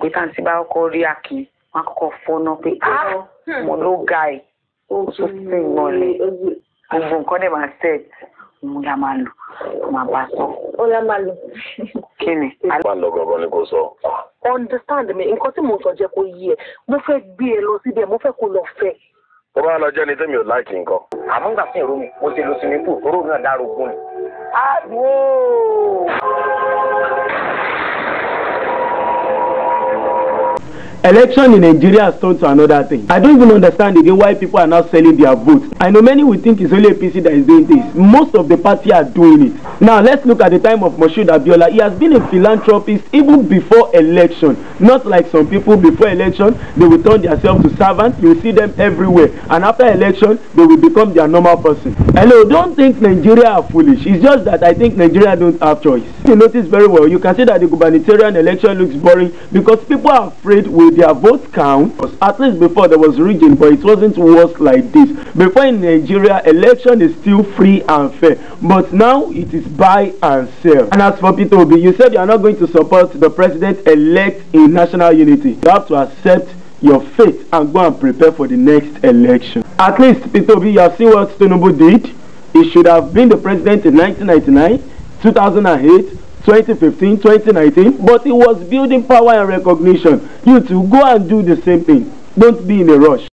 pé tàǹtí bá kọ́kọ́ rí akin wọn kọ́kọ́ fọ́nà pé ah, ah, hmm. mo ló ga ẹ̀ ó tún sì mọ̀lẹ́ gbogbo nǹkan dẹ̀ máa set mo la máa lò máa bá sọ. ó la máa lò. kí ni. máa lọ gbọ̀ngàn ni kò sọ. understand me nǹkan tí mo sọ jẹ́ kó yí ẹ mo fẹ́ gbé ẹ lọ síbẹ̀ mo fẹ́ kó lọ fẹ́ tó bá lọ jẹ́ ni tẹ́mi ò láìkì nǹkan. àmọ́ ń gbà sí ìró mi mo ti lu sinimu tó rò náà dárò gún ni. àdúró. Ah, Election in Nigeria has turned to another thing. I don't even understand again why people are now selling their votes. I know many will think it's only APC that is doing this. Most of the party are doing it. Now let's look at the time of Moshood Abiola. He has been a philanthropist even before election. Not like some people before election, they will turn themselves to servants. You see them everywhere. And after election, they will become their normal person. Hello, don't think Nigeria are foolish. It's just that I think Nigeria don't have choice. If you notice very well, you can see that the gubernatorial election looks boring because people are afraid we they, their votes count at least before there was rigging but it wasn't worse like this before in nigeria election is still free and fair but now it is buy and sell and as for peter obi you said you are not going to support the president elect in national unity you have to accept your faith and go and prepare for the next election at least peter obi you have seen what tinubu did he should have been the president in 1999 2008 2015, 2019, but it was building power and recognition. You two, go and do the same thing. Don't be in a rush.